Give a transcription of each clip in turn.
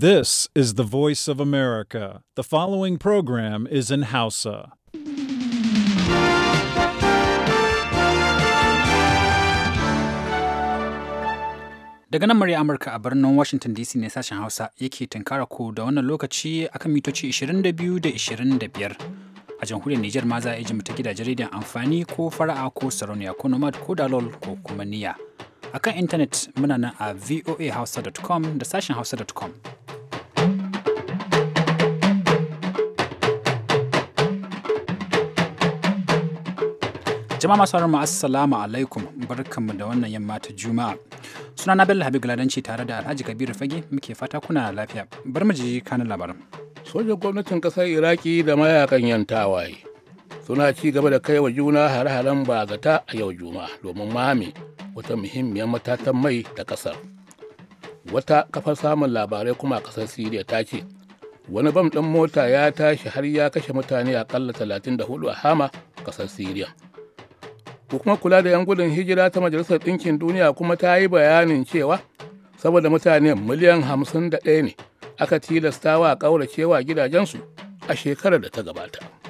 This is the voice of America. The following program is in Hausa. Daga nan murya Amurka a birnin Washington DC ne sashen Hausa yake tunkara ku da wannan lokaci akan mitoci 22 da 25. A jamhuriyar Nijar ma za a ji mu ta gidajen rediyon amfani ko fara'a ko sarauniya ko nomad ko dalol ko kuma A kan intanet muna nan a voahausa.com da sashen hausa.com. Jama'a masu mu assalamu alaikum barkanmu da wannan yamma ta Juma'a. Suna na Bello Habib Ladanci tare da Alhaji Kabiru Fage muke fata kuna lafiya. Bar mu ji kanin labarin. sojin gwamnatin ƙasar Iraki da mayakan yan tawaye suna ci gaba da kai wa juna hare-haren bagata a yau juma domin mame wata muhimmiyar matatan mai da kasar wata kafar samun labarai kuma a kasar siriya ta ce wani bam ɗin mota ya tashi har ya kashe mutane akalla 34 a hama kasar siriya hukumar kula da 'yan gudun hijira ta majalisar ɗinkin duniya kuma ta yi bayanin cewa saboda mutane miliyan 51 ne aka tilastawa a ƙauracewa gidajensu a shekarar da ta gabata.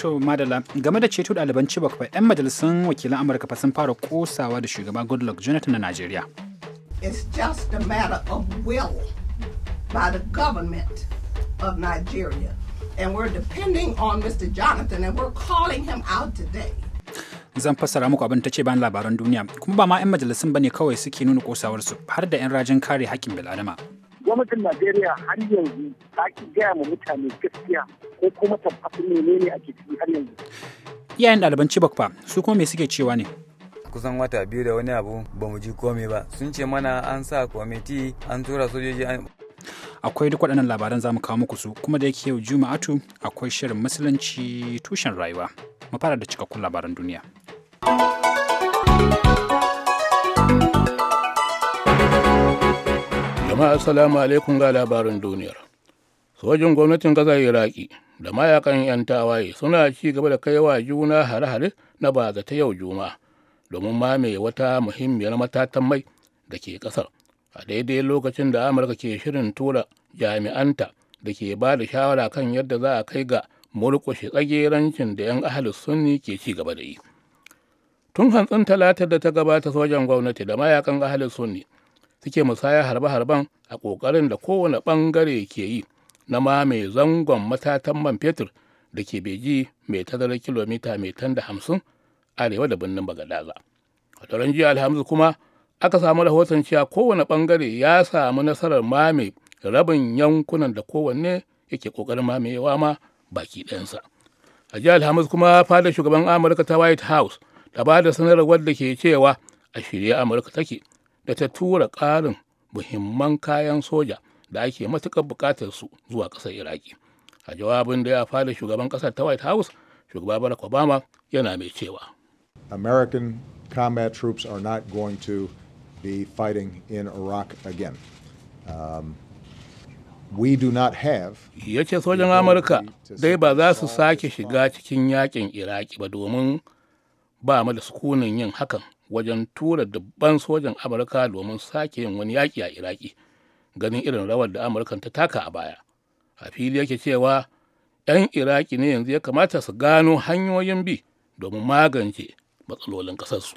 To Madala, game da ceto ɗaliban Chibok fa 'yan majalisun wakilan Amurka fa sun fara kosawa da shugaba Goodluck Jonathan na Najeriya. It's just a matter of will by the government of Nigeria. And we're depending on Mr. Jonathan and we're calling him out today. zan fassara muku abin ta ce bayan labaran duniya kuma ba ma 'yan majalisun bane kawai suke nuna kosawarsu har da 'yan rajin kare haƙƙin bil'adama gwamnatin najeriya har yanzu ta ki gaya ma mutane gaskiya ko kuma tabbatar menene ake ciki har yanzu iyayen ɗaliban chibok fa su kuma me suke cewa ne kusan wata biyu da wani abu ba mu ji komai ba sun ce mana an sa kwamiti an tura sojoji an akwai duk waɗannan labaran za mu kawo muku su kuma da yake yau juma'atu akwai shirin musulunci tushen rayuwa mu fara da cikakkun labaran duniya. jama'a assalamu alaikum ga labarin duniyar sojin gwamnatin gaza iraki da mayakan 'yan tawaye suna ci gaba da kai wa juna hare-hare na baza ta yau juma domin mamaye wata muhimmiyar matatan mai da ke ƙasar a daidai lokacin da amurka ke shirin tura jami'anta da ke ba da shawara kan yadda za a kai ga murƙushe tsagerancin da 'yan ahalus sunni ke ci gaba da yi tun hantsin talatar da ta gabata sojan gwamnati da mayakan ahalus sunni suke musaya harbe-harben a ƙoƙarin da kowane bangare ke yi na ma mai zangon matatan man fetur da ke beji mai tazarar kilomita mai tan da hamsin arewa da birnin bagadaza a daren jiya alhamis kuma aka samu rahoton cewa kowane bangare ya samu nasarar mame rabin yankunan da kowanne yake ƙoƙarin mamayewa ma baki ɗayansa a jiya alhamis kuma fadar shugaban amurka ta white house ta ba da sanarwar da ke cewa a shirye amurka take da ta tura ƙarin muhimman kayan soja da ake matuƙar buƙatar su zuwa ƙasar iraki a jawabin da ya fara shugaban ƙasar ta white house shugaba barack obama yana mai cewa american combat troops are not going to be fighting in iraq again um, we do not have ya ce sojan amurka dai ba za su sake shiga cikin yaƙin iraki ba domin ba mu da sukunin yin hakan wajen tura dubban sojan amurka domin sake yin wani yaƙi a iraki ganin irin rawar da amurkan ta taka a baya a fili yake cewa 'yan iraki ne yanzu ya kamata su gano hanyoyin bi domin magance matsalolin ƙasarsu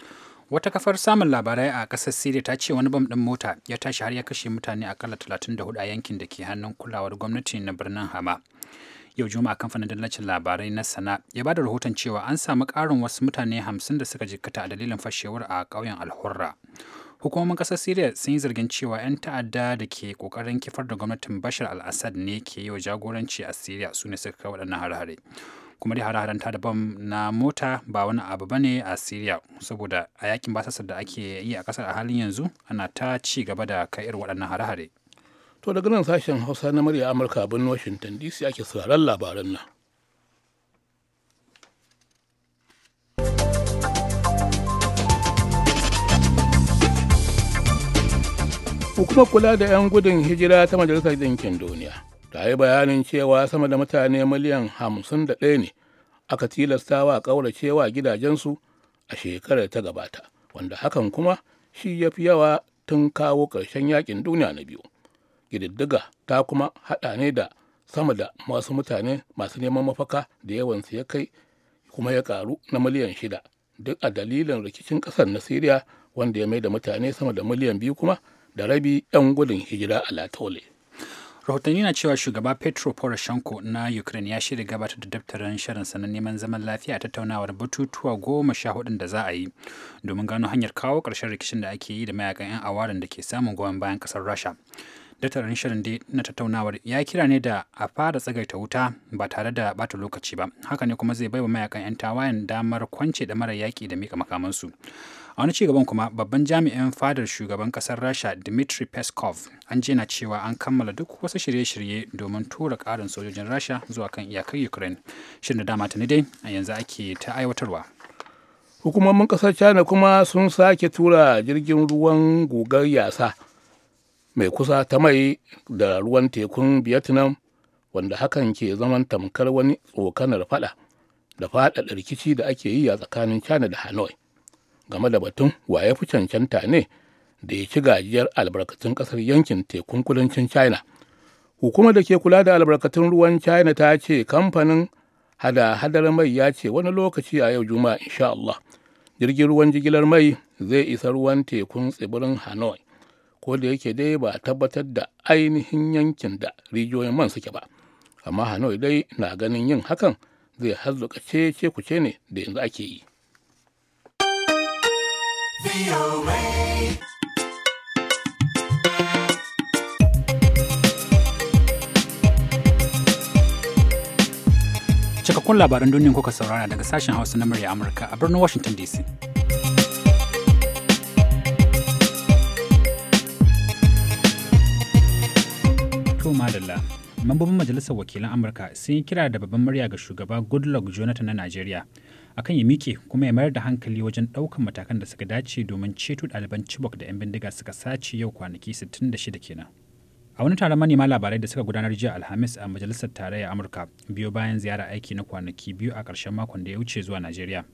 wata kafar samun labarai a ƙasar siriya ta ce wani bam ɗin mota ya tashi har ya kashe mutane akalla 34 a yankin da ke hannun kulawar gwamnati na birnin hama yau juma'a kamfanin dallacin labarai na sana ya bada rahoton cewa an samu ƙarin wasu mutane hamsin da suka jikkata a dalilin fashewar a ƙauyen alhurra hukumomin ƙasar syria sun yi zargin cewa 'yan ta'adda da ke ƙoƙarin kifar da gwamnatin bashar al-assad ne ke yi wa jagoranci a syria su ne suka kai waɗannan hare kuma dai hare-haren ta daban na mota ba wani abu bane a Syria saboda a yakin basasar da ake yi a ƙasar a halin yanzu ana ta ci gaba da kai irin waɗannan hare To daga nan sashen Hausa na murya Amurka a birnin Washington DC ake sauraron labaran nan. Hukumar kula da 'yan gudun hijira ta Majalisar dinkin Duniya ta yi bayanin cewa sama da mutane miliyan hamsin da ɗaya ne aka tilastawa ƙauracewa gidajensu a shekarar ta gabata, wanda hakan kuma shi ya fi yawa tun kawo ƙarshen yakin duniya na biyu. ƙididdiga ta kuma haɗa ne da sama da masu mutane masu neman mafaka da yawansu ya kai kuma ya ƙaru na miliyan shida duk a dalilin rikicin kasar na siriya wanda ya mai da mutane sama da miliyan biyu kuma da rabi 'yan gudun hijira a latole rahotanni na cewa shugaba petro poroshenko na ukraine ya shirya gabatar da daftarin shirin sanin neman zaman lafiya a tattaunawar batutuwa goma sha hudun da za a yi domin gano hanyar kawo ƙarshen rikicin da ake yi da mayakan 'yan awarin da ke samun goyon bayan ƙasar rasha daftarin shirin dai na tattaunawar ya kira ne da a fara tsagaita wuta ba tare da bata lokaci ba haka ne kuma zai baiwa mayakan 'yan tawayen damar kwance da mara yaƙi da mika makamansu a wani cigaban kuma babban jami'in fadar shugaban kasar rasha dmitry peskov an jena cewa an kammala duk wasu shirye-shirye domin tura ƙarin sojojin rasha zuwa kan iyakar ukraine shirin da dama ta ni dai a yanzu ake ta aiwatarwa hukumomin kasar china kuma sun sake tura jirgin ruwan gogar yasa mai kusa ta mai da ruwan tekun vietnam wanda hakan ke zaman tamkar wani tsokanar fada da faɗaɗa rikici da ake yi a tsakanin china da hanoi game da batun waye fi cancanta ne da ya ci gajiyar albarkatun kasar yankin tekun kudancin china hukumar da ke kula da albarkatun ruwan china ta ce kamfanin hada-hadar mai ya ce wani lokaci a yau juma'a inshaallah jirgin ruwan jigilar mai zai isa ruwan tekun tsibirin hanoi ko da yake dai ba a tabbatar da ainihin yankin da rijiyoyin man suke ba amma hanoi dai na ganin yin hakan zai harzuka ce ce kuce ne da yanzu ake yi cikakkun labaran duniya kuka saurara daga sashen hausa na murya amurka a birnin washington dc To madalla. Mambobin Majalisar Wakilan Amurka sun yi kira da babban murya ga shugaba Goodluck Jonathan na Najeriya akan ya mike kuma ya mayar da hankali wajen ɗaukan matakan da suka dace domin ceto ɗaliban Chibok da 'yan bindiga suka sace yau kwanaki 66 kenan. A wani taron manema labarai da suka gudanar jiya Alhamis a Majalisar Tarayya Amurka biyo bayan ziyara aiki na kwanaki biyu a ƙarshen makon da ya wuce zuwa Najeriya.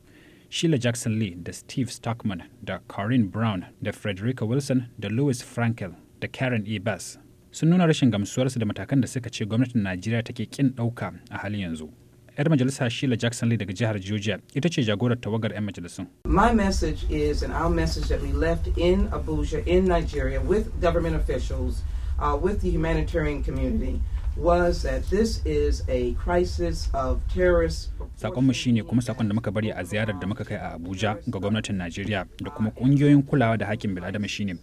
Sheila Jackson Lee da Steve Stockman da Corinne Brown da Frederica Wilson da Louis Frankel da Karen E. Bass sun nuna rashin gamsuwarsu da matakan da suka ce gwamnatin Najeriya take kin ɗauka a halin yanzu. 'Yar majalisa Sheila Jackson Lee daga jihar Georgia ita ce jagorar tawagar 'yan majalisun. My message is and our message that we left in Abuja in Nigeria with government officials uh, with the humanitarian community was that this is a crisis of terrorist Sakonmu shi ne kuma sakon da muka bari a ziyarar da muka kai a Abuja ga gwamnatin Najeriya da kuma kungiyoyin kulawa da hakkin bil'adama shine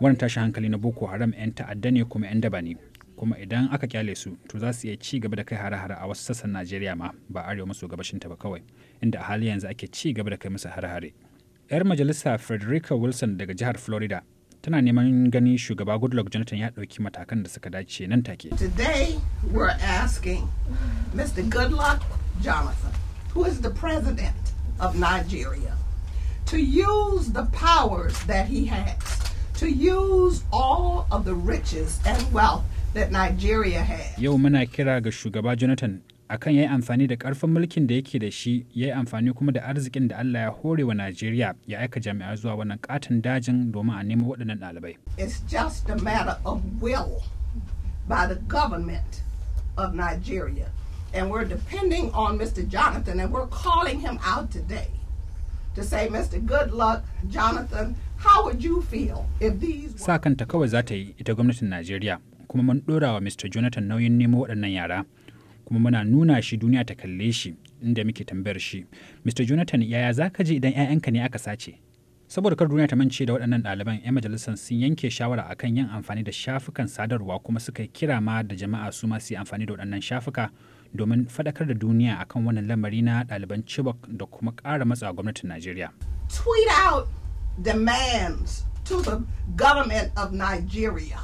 wannan tashi hankali na boko haram 'yan ta'adda ne kuma 'yan daba ne kuma idan aka kyale su to za su iya ci gaba da kai hare-hare a wasu sassan najeriya ma ba arewa maso gabashin ta ba kawai inda a hali yanzu ake ci gaba da kai musu hare-hare yar majalisa frederica wilson daga jihar florida tana neman gani shugaba goodluck jonathan ya ɗauki matakan da suka dace nan take today we're asking mr goodluck jonathan who is the president of nigeria to use the powers that he has to use all of the riches and wealth that Nigeria has. Yo muna kira ga shugaba Jonathan akan ya yi amfani da ƙarfin mulkin da yake da shi ya yi amfani kuma da arzikin da Allah ya hore wa Nigeria ya aika jami'a zuwa wannan katin dajin domin a nemo waɗannan ɗalibai. It's just a matter of will by the government of Nigeria. And we're depending on Mr. Jonathan and we're calling him out today to say, Mr. Good Luck, Jonathan, Sa kanta kawai za ta yi ita gwamnatin Najeriya kuma mun ɗora wa Mr. Jonathan nauyin nemo waɗannan yara kuma muna nuna shi duniya ta kalle shi inda muke tambayar shi. Mr. Jonathan yaya za ka je idan 'ya'yanka ne aka sace? Saboda kar duniya ta mance da waɗannan ɗaliban 'yan majalisar sun yanke shawara akan yin amfani da shafukan sadarwa kuma suka kira ma da jama'a su ma su yi amfani da waɗannan shafuka domin faɗakar da duniya akan wannan lamari na ɗaliban Chibok da kuma ƙara matsa gwamnatin Najeriya. demands to the government of Nigeria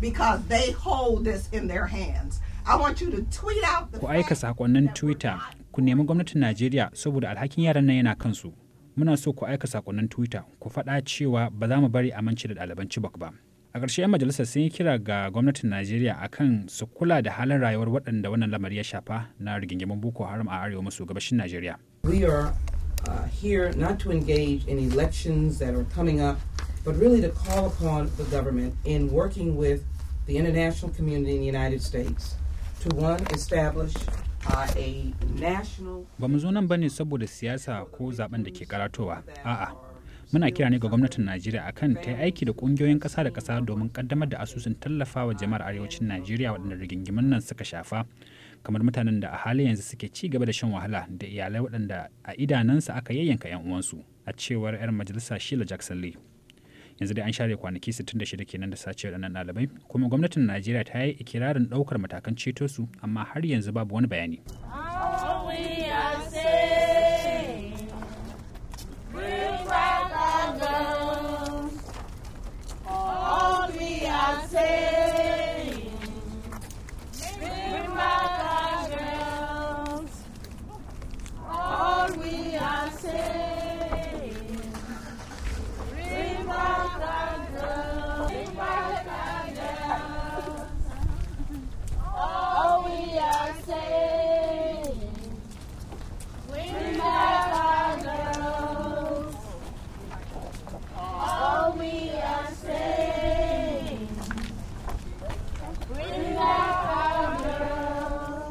because they hold this in their hands. I want you to tweet out the Ku aika sakonnin Twitter, ku nemi gwamnatin Najeriya saboda alhakin yaran nan yana kansu. Muna so ku aika sakonnin Twitter, ku faɗa cewa ba za mu bari aminci da ɗaliban Chibok ba. A ƙarshe 'yan majalisar sun yi kira ga gwamnatin Najeriya akan su kula da halin rayuwar waɗanda wannan lamari ya shafa na rigingimin Boko Haram a arewa maso gabashin Najeriya. uh, here not to engage in elections that are coming up, but really to call upon the government in working with the international community in the United States to one, establish uh, Ba mu zo nan ba ne saboda siyasa ko zaben da ke karatowa. A'a, muna kira ne ga gwamnatin Najeriya akan ta yi aiki da kungiyoyin ƙasa da ƙasa domin ƙaddamar da asusun tallafawa jama'ar arewacin Najeriya waɗanda rigingimin nan suka shafa kamar mutanen da a halin yanzu suke ci gaba da shan wahala da iyalai waɗanda a idanansa aka yayyanka 'yan uwansu a cewar 'yar majalisa Sheila Jackson Lee. Yanzu dai an share kwanaki 66 kenan da sace waɗannan ɗalibai kuma gwamnatin Najeriya ta yi ikirarin ɗaukar matakan ceto su amma har yanzu babu wani bayani.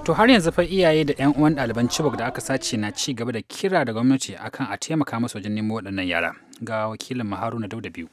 To har yanzu fa iyaye da 'yan uwan ɗaliban Chibok da aka sace na ci gaba da kira da gwamnati akan a taimaka musu wajen nemo waɗannan yara. Ga wakilin Haruna Dauda biyu.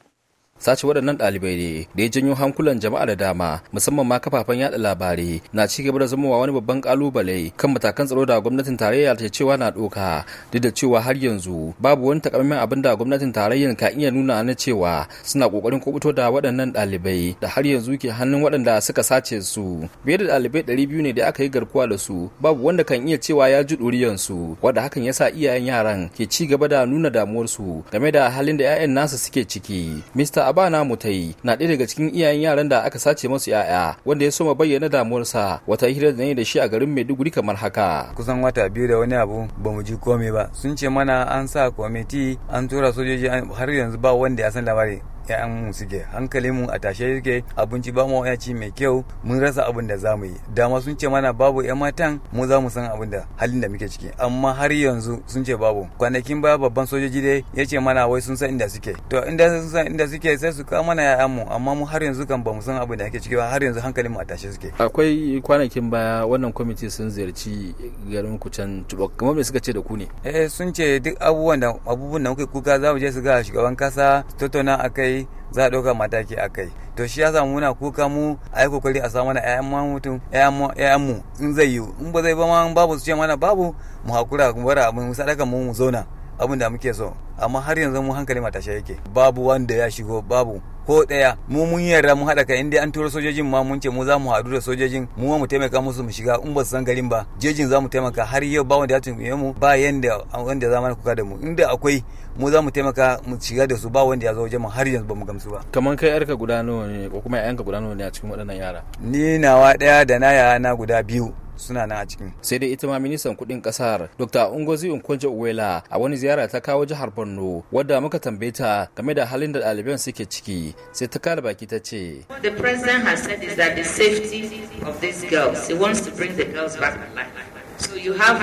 sace waɗannan ɗalibai ne da ya janyo hankulan jama'a da dama musamman ma kafafen yaɗa labarai na ci gaba da zama wani babban kalubale kan matakan tsaro da gwamnatin tarayya ta cewa na ɗauka, duk da cewa har yanzu babu wani takamaiman abin da gwamnatin tarayyar ka iya nuna na cewa suna kokarin kubuto da waɗannan ɗalibai da har yanzu ke hannun waɗanda suka sace su biye da ɗalibai ɗari biyu ne da aka yi garkuwa da su babu wanda kan iya cewa ya ji ɗuriyansu wanda hakan ya sa iyayen yaran ke ci gaba da nuna damuwarsu game da halin da 'ya'yan nasu suke ciki Mr. mu ta yi na ɗaya daga cikin iyayen yaran da aka sace masu yaya wanda ya soma bayyana damuwarsa wata hira da ne da shi a garin mai Maiduguri kamar haka. Kusan wata biyu da wani abu ba mu ji komai ba. Sun ce mana an sa kwamiti an tura sojoji har yanzu ba wanda ya san labari. 'ya'yan mu suke hankali mu a tashe yake abinci ba mu ci mai kyau mun rasa abin da zamu yi dama sun ce mana babu 'yan matan mu za mu san abin da halin da muke ciki amma har yanzu sun ce babu kwanakin baya babban sojoji dai ya ce mana wai sun san inda suke to inda sun san inda suke sai su kawo mana 'ya'yan mu amma mu har yanzu kan ba mu san abin da ake ciki ba har yanzu hankali mu a tashe suke akwai kwanakin baya wannan kwamiti sun ziyarci garin ku can tubok kuma me suka ce da ku ne eh sun ce duk abubuwan da abubuwan da kuka kuka za mu je su ga shugaban kasa tattauna akai kai za a ɗauka mataki a kai to shi yasa muna kuka mu a yi kokari a samu na ƴaƴan mu mutum ƴaƴan mu in zai yiwu in ba zai ba ma babu su ce mana babu mu hakura mu bar abin sadaka mu mu zauna abin da muke so amma har yanzu mu hankali matashe yake babu wanda ya shigo babu ko ɗaya mu mun yarda mu haɗa kai inda an turo sojojin ma mun ce mu za mu hadu da sojojin mu mu taimaka musu mu shiga in ba su san garin ba jejin za mu taimaka har yau ba wanda ya tunkuye mu ba yanda wanda za mu kuka da mu inda akwai mu za mu taimaka mu shiga da su ba wanda ya zo wajen mu har yanzu ba mu gamsu ba kamar kai yarka guda nawa ne ko kuma yayanka guda nawa ne a cikin waɗannan yara ni nawa ɗaya da na yaya na guda biyu suna nan a cikin sai dai ita ma ministan kudin kasar dr ungozi unkunje uwela a wani ziyara ta kawo jihar borno wadda muka tambaye ta game da halin da ɗaliban suke ciki sai ta kare baki ta ce the president has said is that the safety of these girls he wants to bring the girls back alive So you have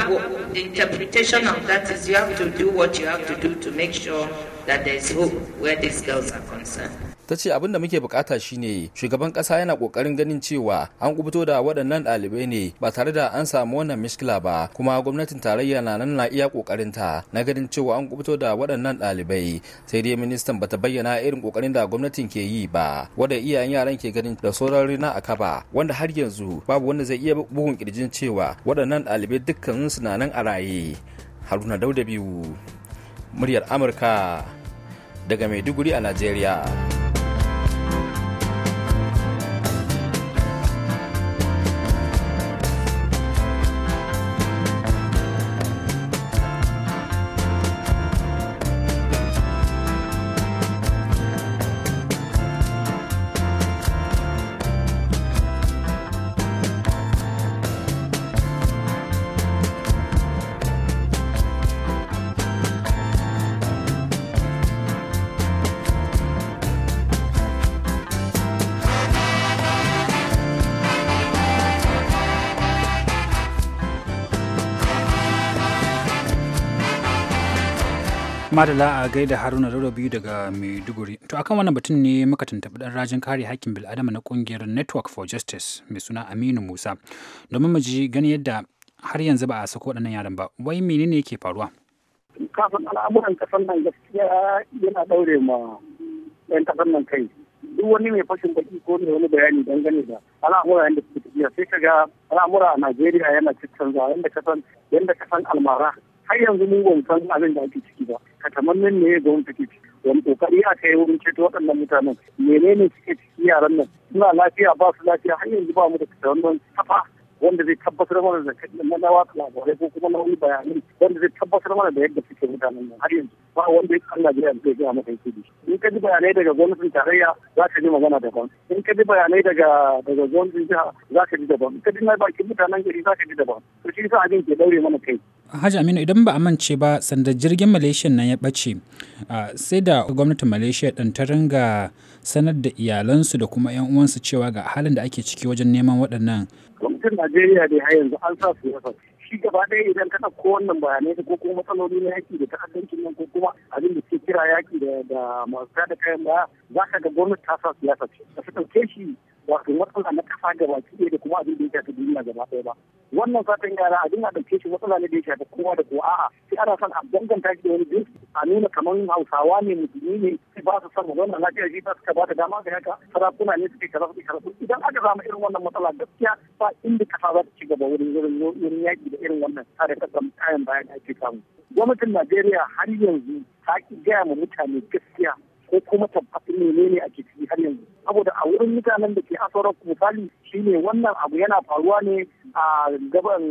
the interpretation of that is you have to do what you have to do to make sure that there's hope where these girls are concerned. ta ce abin da muke bukata shine shugaban kasa yana kokarin ganin cewa an kubuto da waɗannan ɗalibai ne ba tare da an samu wannan miskila ba kuma gwamnatin tarayya na nan na iya kokarin ta na ganin cewa an kubuto da waɗannan ɗalibai sai dai ministan bata bayyana irin kokarin da gwamnatin ke yi ba wanda iyayen yaran ke ganin da sauran rina a kaba wanda har yanzu babu wanda zai iya bugun kirjin cewa waɗannan ɗalibai dukkanin su na nan a raye haruna dauda biyu muryar amurka daga maiduguri a najeriya madala a gaida haruna raro biyu daga maiduguri to akan wannan batun ne muka tuntaɓi ɗan rajin kare hakkin bil'adama na ƙungiyar network for justice mai suna aminu musa domin mu ji gani yadda har yanzu ba a sako waɗannan yaran ba wai ne yake faruwa kafin al'amuran kasan nan gaskiya yana ɗaure ma 'yan kasan nan kai duk wani mai fashin baki ko mai wani bayani dangane da al'amura yadda suke tafiya sai ka ga al'amura a najeriya yana cikin yadda yadda kasan almara har yanzu mu ban san abin da ake ciki ba ka katamannin ne ga wani take ciki wani kokari a kai wurin ceto waɗannan mutanen menene suke ciki yaran nan suna lafiya ba su lafiya har yanzu ba mu da wannan kafa wanda zai tabbatar mana da na watsa labarai ko kuma na wani bayanai wanda zai tabbatar mana da yadda suke mutanen nan har yanzu ba wanda ya san Najeriya zai ga maka yake in ka ji bayanai daga gwamnatin tarayya za ka ji magana daban in ka ji bayanai daga daga gwamnatin jiha za ka ji daban in ka ji na bakin mutanen gari za ka ji daban to shi yasa abin ke daure mana kai Haji Aminu idan ba a mance ba sanda jirgin Malaysia nan ya ɓace sai da gwamnatin Malaysia ɗan ta ringa sanar da iyalansu da kuma 'yan uwansu cewa ga halin da ake ciki wajen neman waɗannan. Gwamnatin dai a dai har yanzu an sa su ya shi gaba ɗaya idan ka ɗauko wannan bayanai da ko kuma matsaloli na yaki da ta'addancin nan ko kuma abin da ke kira yaki da masu da kayan baya za ka ga gwamnati ta sa siyasa ce da su ɗauke shi wato matsala na kasa gaba ɗaya da kuma abin da ya shafi duniya gaba ɗaya ba wannan fatan yara abin a ɗauke shi matsala ne da ya shafi kowa da kowa a'a sai ana son a danganta shi da wani jinsi a nuna kamar hausawa ne musulmi ne sai ba su san son wannan lafiya shi ba su ka ba da dama ga haka sarakuna ne suke kaza suke kaza idan aka zama irin wannan matsala gaskiya ba inda kasa za ta ci gaba wurin wurin yaƙi da irin wannan tsare zama kayan bayan da ake samu gwamnatin najeriya har yanzu ta ki gaya ma mutane gaskiya ko kuma ne menene ake ciki har yanzu saboda a wurin mutanen da ke asarar misali shine wannan abu yana faruwa ne a gaban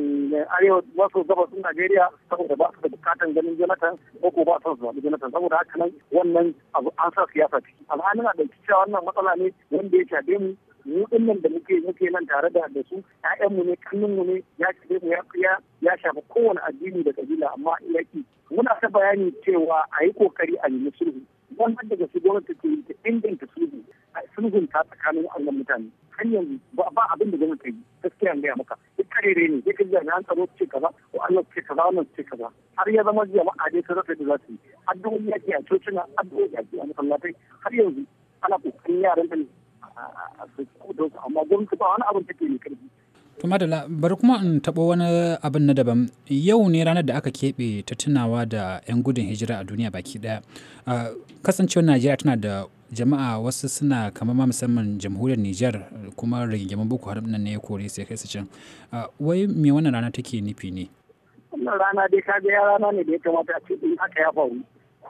arewa maso gabasin najeriya saboda ba su da bukatan ganin jonathan ko ko ba su da jonathan saboda haka nan wannan abu an sa siyasa ciki alhalin a ɗauki cewa wannan matsala ne wanda ya cade mu mu dinnan da muke muke nan tare da da su mu ne kannunmu ne ya shafe mu ya ya shafi kowane addini da kabila amma yaki muna ta bayani cewa a yi kokari a nemi sulhu wannan daga su gwamnati ke ta inganta sulhu a sulhun ta tsakanin wannan mutane har yanzu ba abin da gwamnati yi gaskiya gaya maka duk karere ne sai kaji jami'an tsaro ce kaza ko Allah ce kaza wannan ce kaza har ya zama jama'a dai ta rasa da za su yi addu'o'i yake a cocina addu'o'i yake a masallatai har yanzu ana kokarin yaran da amma gwamnati ba wani To Madala, bari kuma in taɓo wani abin na daban. Yau ne ranar da aka keɓe ta tunawa da 'yan gudun hijira a duniya baki ɗaya. Kasancewar Najeriya tana da jama'a wasu suna kamar ma musamman jamhuriyar Nijar kuma rigingimin Boko Haram nan ne ya kore sai kai su can. Wai me wannan rana take nufi ne? Wannan rana dai kaga ya rana ne da ya kamata a ce in aka ya faru.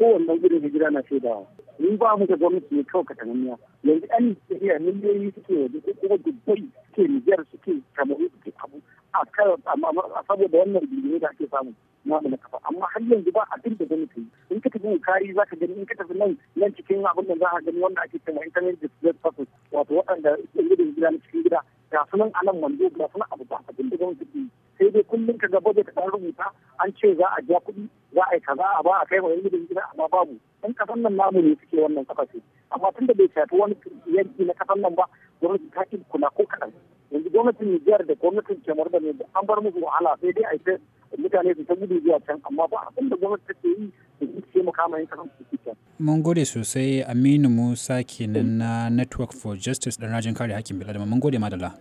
kowanne irin hijira na shaidawa mun ba mu da gwamnati ne kawai katanganniya yanzu ɗan Najeriya miliyoyi suke waje ko kuma dubbai ke Nijar suke Kamaru suke abu a kan saboda wannan bidiyo da ake samu na da kafa amma har yanzu ba abin da zan yi in ka tafi kari za ka gani in ka tafi nan nan cikin abin da za ka gani wanda ake cewa internet display purpose wato waɗanda gudun gida na cikin gida ga sunan a nan wando ga sunan abu ba abin da zan yi sai dai kullum ka ga budget ɗan rubuta an ce za a ja kuɗi za a yi kaza a ba a kai wa yan gudun gida amma babu in kasan nan namu ne suke wannan kafa ce amma tun da bai shafi wani yanki na kasan nan ba gwamnati ta kula ko kaɗan yanzu gwamnatin Nijar da gwamnatin Kemar da ne an bar musu wahala sai dai a ita mutane su ta gudu zuwa can amma ba abin da gwamnati take yi su yi ce mu kama yin kasan su can. Mun gode sosai Aminu Musa kenan na Network for Justice ɗan rajin kare haƙƙin bil'adama mun gode madalla.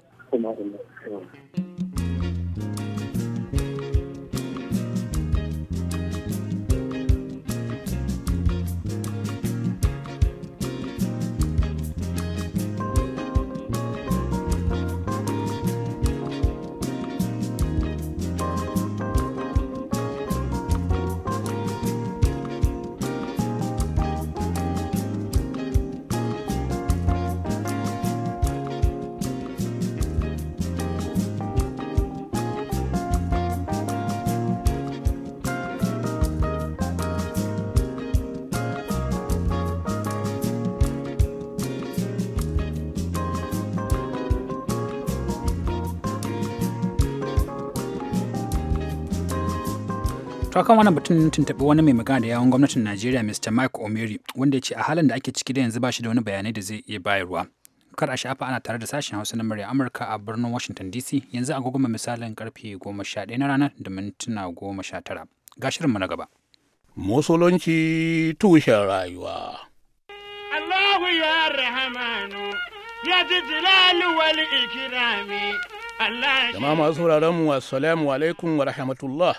To kan wannan batun tuntuɓi wani mai magana da yawon gwamnatin Najeriya Mr. Mike Omeri wanda ya ce a halin da ake ciki da yanzu ba shi da wani bayanai da zai iya bayarwa. Kar a shafa ana tare da sashen Hausa na murya Amurka a birnin Washington DC yanzu a goma misalin karfe ɗaya na rana da mintuna goma tara Ga mu na gaba. Musulunci tushen rayuwa. Allahu ya rahamanu ya ji wali ikirami. Jama'a masu wuraren mu assalamu alaikum wa rahmatullah.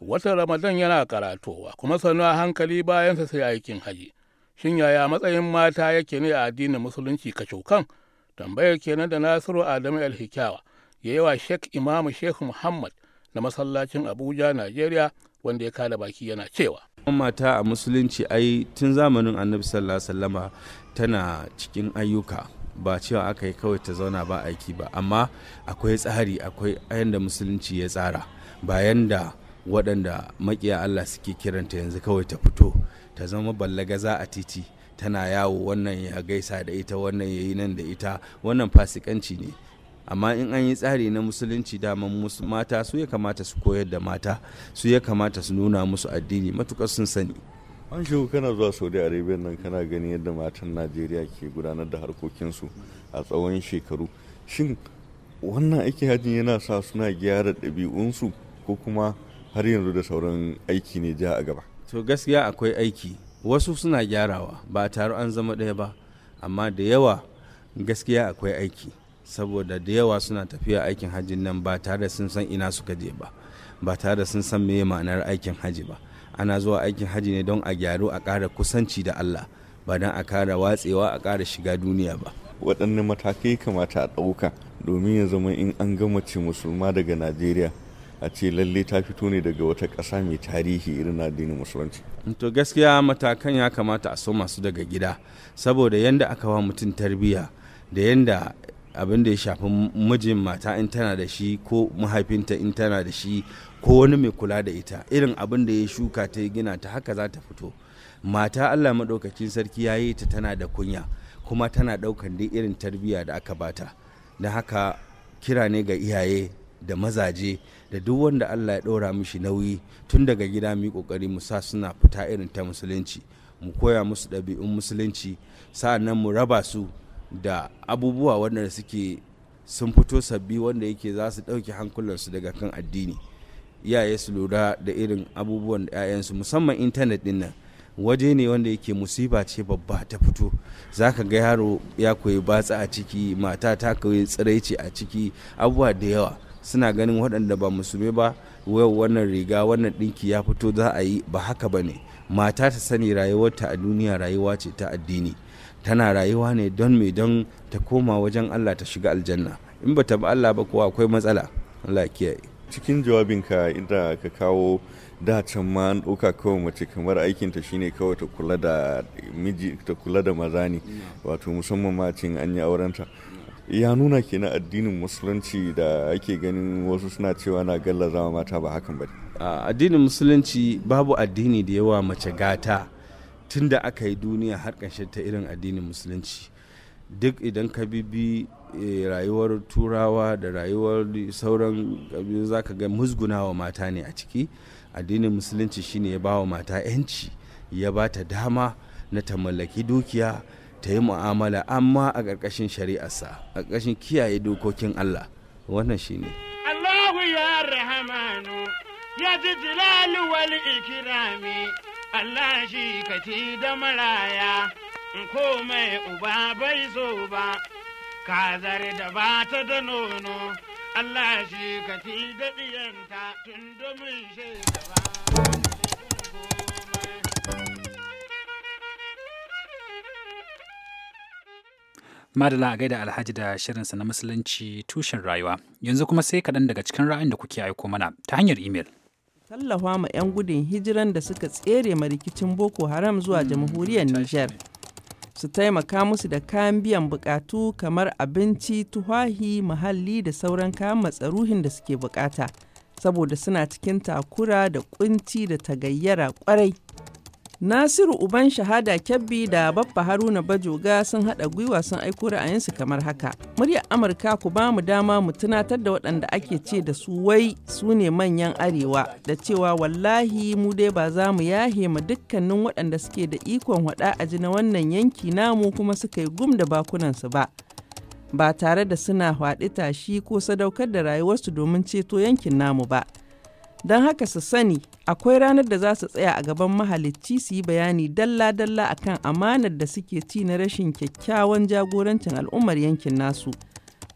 watan ramadan yana karatowa kuma sannu a hankali bayansa sai aikin haji shin yaya matsayin mata yake ne a addinin musulunci cokan tambayar kenan da nasiru adamu alhikyawa ya yi wa shek imamu shehu muhammad na masallacin abuja nigeria wanda ya kada baki yana cewa mata a musulunci ai tun zamanin annabi sallallahu sallama tana cikin ayyuka ba cewa aka yi kawai ta zauna ba aiki ba amma akwai tsari akwai yadda musulunci ya tsara bayan da waɗanda makiya Allah suke kiranta yanzu kawai ta fito ta zama ballagaza a titi tana yawo wannan ya gaisa da ita wannan ya yi nan da ita wannan fasikanci ne amma in an yi tsari na musulunci daman mata su ya kamata su koyar da mata su ya kamata su nuna musu addini matukar sun sani an shigo kana zuwa saudi arabia nan kana gani yadda matan najeriya ke gudanar da harkokinsu a tsawon shekaru shin wannan aiki hajji yana sa suna gyara ɗabi'unsu ko kuma har yanzu da sauran aiki ne ja a gaba to gaskiya akwai aiki wasu suna gyarawa ba taro an zama ɗaya ba amma da yawa gaskiya akwai aiki saboda da yawa suna tafiya aikin hajji nan ba tare da sun san ina suka je ba ba tare da sun san meye ma'anar aikin hajji ba ana zuwa aikin hajji ne don a gyaru a ƙara kusanci da allah ba don a ƙara watsewa a ƙara shiga duniya ba waɗanne matakai kamata a ɗauka domin ya zama in an gama ce musulma daga najeriya a ce lalle ta fito ne daga wata ƙasa mai tarihi irin addinin musulunci. to gaskiya matakan ya kamata a so masu daga gida saboda yanda aka wa mutum tarbiyya da yanda abin da ya shafi mijin mata in tana da shi ko mahaifinta in tana da shi ko wani mai kula da ita irin abin da ya shuka ta gina ta haka za ta fito mata allah maɗaukacin sarki ya yi ta tana da kunya kuma tana ɗaukan duk irin tarbiyya da aka bata da haka kira ne ga iyaye da mazaje da duk wanda Allah ya ɗora mishi nauyi tun daga gida mu yi ƙoƙari mu sa suna fita irin ta musulunci mu koya musu ɗabi'un musulunci sa'annan mu raba su da abubuwa wanda suke sun fito sabbi wanda yake za su ɗauke hankulansu daga kan addini iyaye su lura da irin abubuwan da 'ya'yansu musamman intanet ɗin nan waje ne wanda yake musiba ce babba ta fito za ka ga yaro ya koyi batsa a ciki mata ta koyi tsiraici a ciki abubuwa da yawa suna ganin waɗanda ba musulmi ba wannan riga wannan ɗinki ya fito za a yi ba haka ba ne mata ta sani rayuwarta a duniya rayuwa ce ta addini tana rayuwa ne don me don ta koma wajen allah ta shiga aljanna in ba ta ba allah ba kuwa akwai matsala allah kiyaye cikin jawabinka inda ka kawo da can ma an ɗauka kawai mace kamar aikinta shine kawai ta kula da miji ta kula da maza ne mm. wato musamman ma cin an yi aurenta ya nuna ke na addinin musulunci da ake ganin wasu suna cewa na zama mata ba hakan ba addinin musulunci babu addini da yawa mace gata tun da aka yi duniya har ƙarshe ta irin addinin musulunci duk idan ka bibi eh, rayuwar turawa da rayuwar sauran za ka ga musgunawa mata ne a ciki addinin musulunci shine ya ba wa mata 'yanci ya ba ta dama na ta mallaki dukiya ta yi mu'amala amma a ƙarƙashin shari'arsa a ƙarƙashin kiyaye dokokin Allah wannan shi ne. Allahu ya rahamanu ya ji jilalu wal ikirami Allah shi kaci da maraya in komai uba bai so ba kazar da ba ta da nono Allah shi kaci da ɗiyanta tun domin shi ba. Madala a gaida Alhaji da shirinsa na musulunci tushen rayuwa. Yanzu kuma sai kaɗan daga cikin ra'ayin da kuke aiko mana ta hanyar imel. Tallafa ma 'yan gudun hijiran da suka tsere ma rikicin Boko Haram zuwa jamhuriyar hmm, Nijar. Su taimaka musu da kayan biyan bukatu kamar abinci, tuhahi, muhalli da sauran kayan matsaruhin da suke bukata. Saboda suna cikin takura da kunci da tagayyara kwarai. Nasiru uban shahada kyabbi da Baffa Haruna Bajoga sun haɗa gwiwa sun aiko ra'ayinsu kamar haka. Muryar Amurka ku ba mu dama mu tunatar da waɗanda ake ce da su wai su ne manyan arewa da cewa wallahi mu dai ba za mu yahe ma dukkanin waɗanda suke da ikon waɗa a jina wannan yanki namu kuma suka yi gum da bakunansu ba. Ba tare da suna haɗi tashi ko sadaukar da rayuwarsu domin ceto yankin namu ba. Don haka su sani akwai ranar da za su tsaya a gaban mahalicci su yi bayani dalla-dalla akan amanar da suke ci na rashin kyakkyawan jagorancin al'ummar yankin nasu.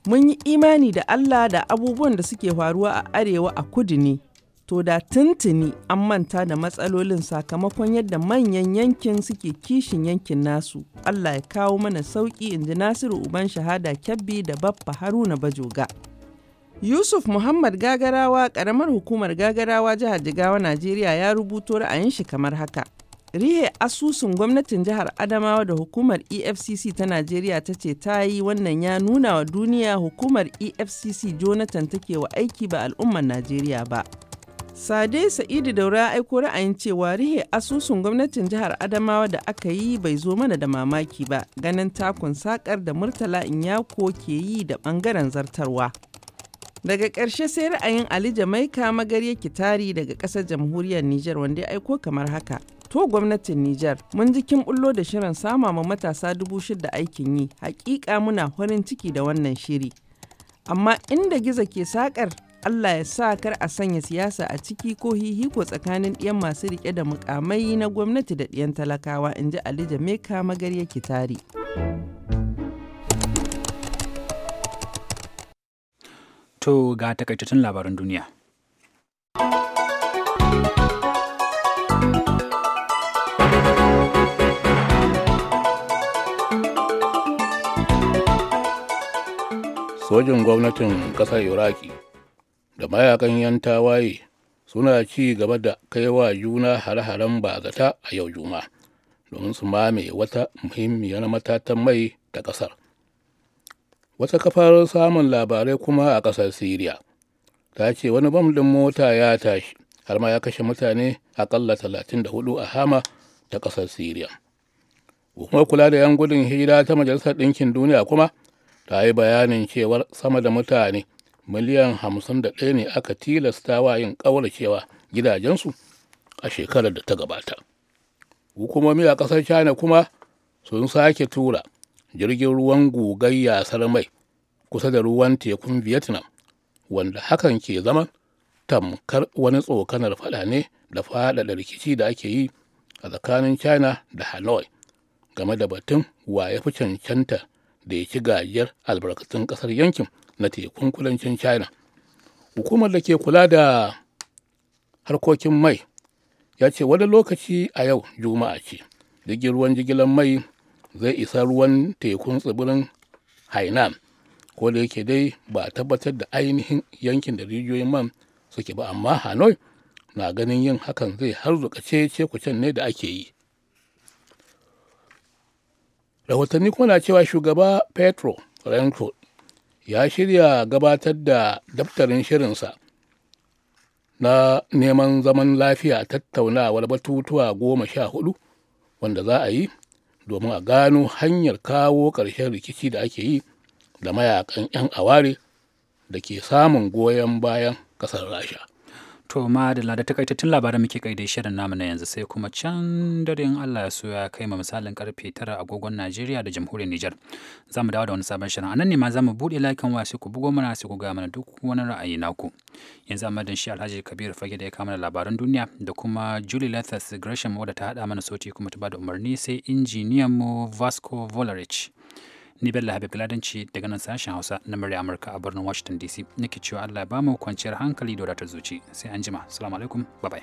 Mun yi imani da Allah da abubuwan da suke faruwa a arewa a kudu ne, to da tuntuni an manta da matsalolin sakamakon yadda manyan yankin suke kishin yankin nasu. Allah ya kawo mana sauki in ji Nasiru Uban Shahada Kyabbi da Baffa Haruna Bajoga. Yusuf Muhammad Gagarawa ƙaramar hukumar Gagarawa jihar Jigawa Najeriya ya rubuto ra'ayin shi kamar haka. Rihe asusun gwamnatin jihar Adamawa da hukumar EFCC ta Najeriya ta ce ta yi wannan ya nuna wa duniya hukumar EFCC Jonathan take wa aiki ba al'ummar Najeriya ba. Sade Sa'idu Daura ya aiko ra'ayin cewa rihe asusun gwamnatin jihar Adamawa da aka yi bai zo mana da mamaki ba ganin takun sakar da Murtala Inyako ke yi da bangaren zartarwa. Daga ƙarshe sai ra'ayin Ali Jamaika magarya kitari daga ƙasar jamhuriyar Nijar wanda ya aiko kamar haka. To gwamnatin Nijar, mun ji kin bullo da shirin sama ma matasa dubu shida aikin yi, haƙiƙa muna farin ciki da wannan shiri. Amma inda giza ke sakar Allah ya sa kar a sanya siyasa a ciki ko hihiko tsakanin ɗiyan masu rike da mukamai na gwamnati da ɗiyan talakawa, in ji Ali Jamaika magarya kitari. To ga takaitattun labaran duniya. Sojin gwamnatin ƙasar Iraki da mayakan 'yan tawaye suna ci gaba da kaiwa juna hare-haren bazata a yau juma domin su mame wata muhimmiyar matatan mai da ƙasar. wata kafar samun labarai kuma a ƙasar syria ta ce wani bam ɗin mota ya tashi har ma ya kashe mutane aƙalla 34 a hama ta ƙasar syria hukumar kula da 'yan gudun hira ta majalisar ɗinkin duniya kuma ta yi bayanin cewar sama da mutane miliyan hamsin 51 ne aka tilasta wa yin cewa gidajensu a shekarar da ta gabata hukumomi a ƙasar china kuma sun sake tura jirgin ruwan gogayya mai kusa da ruwan tekun vietnam wanda hakan ke zama tamkar wani tsokanar fada ne da faɗaɗa rikici da ake yi a tsakanin china da hanoi game da batun wa ya fi cancanta da ya ci gajiyar albarkatun kasar yankin na tekun kudancin china hukumar da ke kula da harkokin mai ya ce wani lokaci a yau juma'a ce jirgin ruwan jigilar mai zai isa ruwan tekun tsibirin hainan ko da yake dai ba tabbatar da ainihin yankin da rijiyoyin man suke ba amma hanoi na ganin yin hakan zai har ce cece ne da ake yi rahotanni kuma na cewa shugaba petro renko ya shirya gabatar da daftarin shirinsa na neman zaman lafiya tattaunawar batutuwa goma sha hudu wanda za a yi domin a gano hanyar kawo ƙarshen rikici da ake yi da mayakan 'yan aware da ke samun goyon bayan ƙasar rasha To madalla da tun labaran muke kai da shirin namu na yanzu sai kuma can dare Allah ya so ya kai ma misalin karfe tara agogon Najeriya da jamhuriyar Nijar. Za mu dawo da wani sabon shirin. A nan ne ma za mu buɗe lakin wasu sai ku bugo mana sai ku gaya mana duk wani ra'ayi naku. Yanzu amma dan shi Alhaji kabir Fage da ya kama labaran duniya da kuma Julie Lathas Gresham wadda ta haɗa mana soti kuma ta bada umarni sai injiniyan mu Vasco Volarich. ni Bello Habib Ladanci daga nan sashen Hausa na murya Amurka a birnin Washington DC nake cewa Allah ba mu kwanciyar hankali da wadatar zuci sai anjima assalamu alaikum bye bye